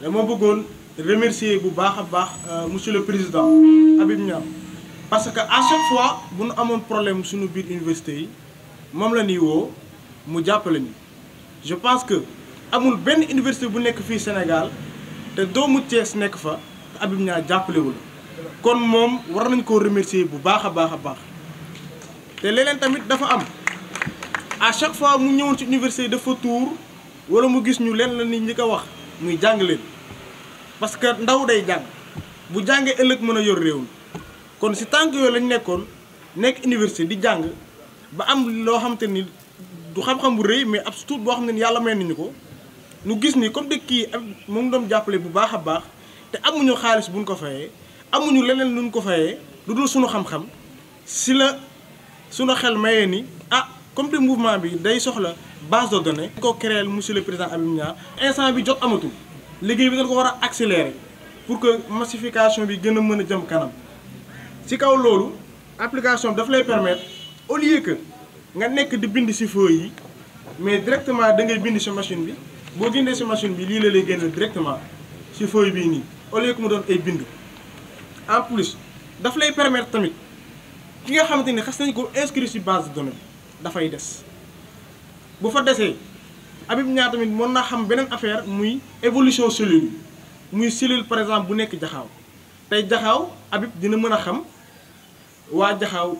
dama bëggoon remercier bu baax baax euh, monsieur le président Habib parce que à chaque fois bu nu amoon problème suñu biir université yi moom la ñuy woo mu je pense que amul benn université bu nekk fii Sénégal te doomu Thiès nekk fa te Habib Niang jàppalewul kon moom war nañ ko remercier bu baax a baax a baax te tamit dafa am à chaque fois mu ñëwoon ci université dafa tour wala mu gis ñu lén la ni ñi ko wax muy jàng leen parce que ndaw day jàng bu jàngee ëllëg mën a yor réew mi kon si tànk yooyu lañu nekkoon nekk université di jàng ba am loo xam ni du xam-xam bu rëy mais ab tuut boo xam ne ni yàlla may nañu ko nu gis ni comme dëkk kii ak mu ngi jàppale bu baax a baax te amuñu xaalis buñ ko fayee amuñu leneen luñ ko fayee lu dul suñu xam-xam si la suñu xel mayee ni comme le mouvement bi day soxla base de données ko créer monsieur le président Habib Niang instant bi jot amatu liggéey bi dañ ko wara accélérer pour que massification bi gëna mëna jëm kanam ci kaw lolu application daf lay permettre au lieu que nga nek di bind ci feuille yi mais directement da ngay bind ci machine bi bo bindee ci machine bi li la lay génne directement ci feuille bii nii au lieu que mu doon ay bind en plus daf lay permettre tamit ki nga xamanteni xass nañ ko inscrire ci base de données dafay des bu fa desee Habib Niang tamit mën na xam beneen affaire muy évolution cellule muy cellule par exemple bu nekk jaxaw tey jaxaw Habib dina mën a xam waa jaxaw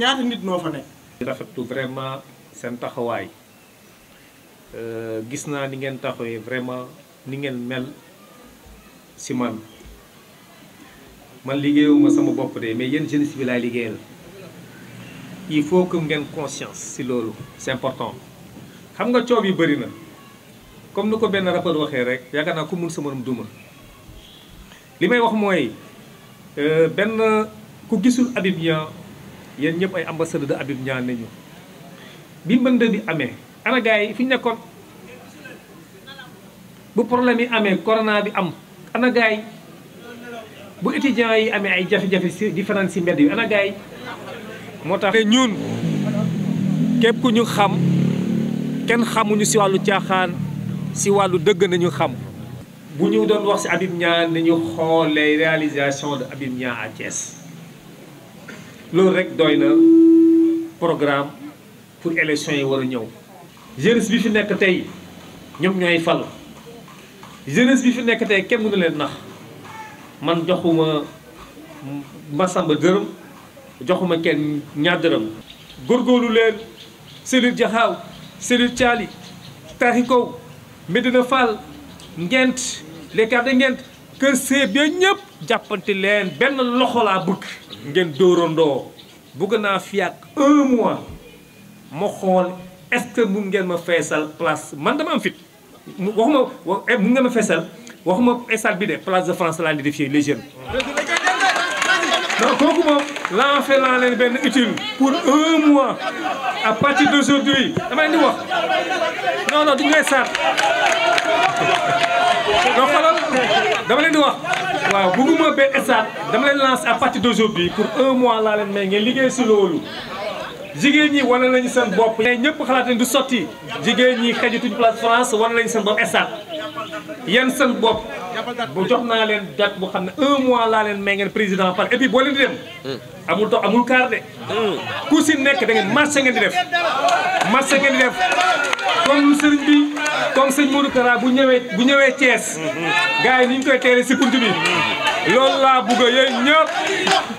ñaata nit noo fa nekk. di rafetlu vraiment seen taxawaay euh, gis naa ni ngeen taxawee vraiment ni ngeen mel si man man liggéeyuma sama bopp de mais yenn jeunesse bi laay liggéeyal. il faut que ngeen conscience si lolu c'est important xam nga ciow bi bari na comme nuko ben benn rappeur rek yaaka na ku mun sa duma limay wax moy euh ben ku gisul abib nya yeen ñep ay ambassadeur de abib nya nañu bi mbënd bi amé ana gaay fi ñu bu problème yi amé corona bi am ana gaay bu étudiant yi amé ay jafé jafé différence ci mbéd yi ana gaay moo tax ñun képp ñu xam kenn xamuñu si wàllu caaxaan si wàllu dëgg nañu xam bu ñu doon wax si Habib Niang nañu xoolee réalisation réalisations de Habib Niang à loolu rek doy na programme pour élection yi war a ñëw jeunesse bi fi nekk tey ñoom ñooy fal jeunesse bi fi nekk tey kenn mënu leen nax man joxuma Massamba dërëm joxuma kenn ñaar góor góorgóorlu leen cellule jaxaaw cellule caali taaxi kaw Medina Fall ngent les de ngent kër see bi ñëpp jàppante leen benn loxo laa bëgg ngeen dóorandoo bugg naa fi ak un mois ma xool est-ce que mun ngeen ma feesal place man dama am fit mu eh, mun ngeen ma feesal waxuma stade bi de place de France laa di défier les jeunes non kooku moom lancé naa leen benn utile pour un mois à partir d'aujourd'hui dama leen di wax non non du ngay saat non xoolal dama leen di wax waaw bëgguma benn estaat dama leen lancé à partir d'aujourd'hui pour un mois la leen may ngeen liggéey si loolu jigéen ñi wane nañu seen bopp mais ñëpp xalaat nañ du sotti jigéen ñi xejutuñ place France wane nañu seen bopp estaat yéen seen bopp bu jox naa leen date boo xam ne un mois leen may ngeen président par et puis boo leen di dem. Hmm. amul toog amul kaar de. Hmm. ku si nekk da ngeen marché ngeen di def. marché ngeen di def comme sëriñ bi comme sëñ Modou Kara bu ñëwee bu ñëwee Thiès. Hmm. gars yi ni ñu koy teere si bunt bi. loolu laa bugg yooyu ñëpp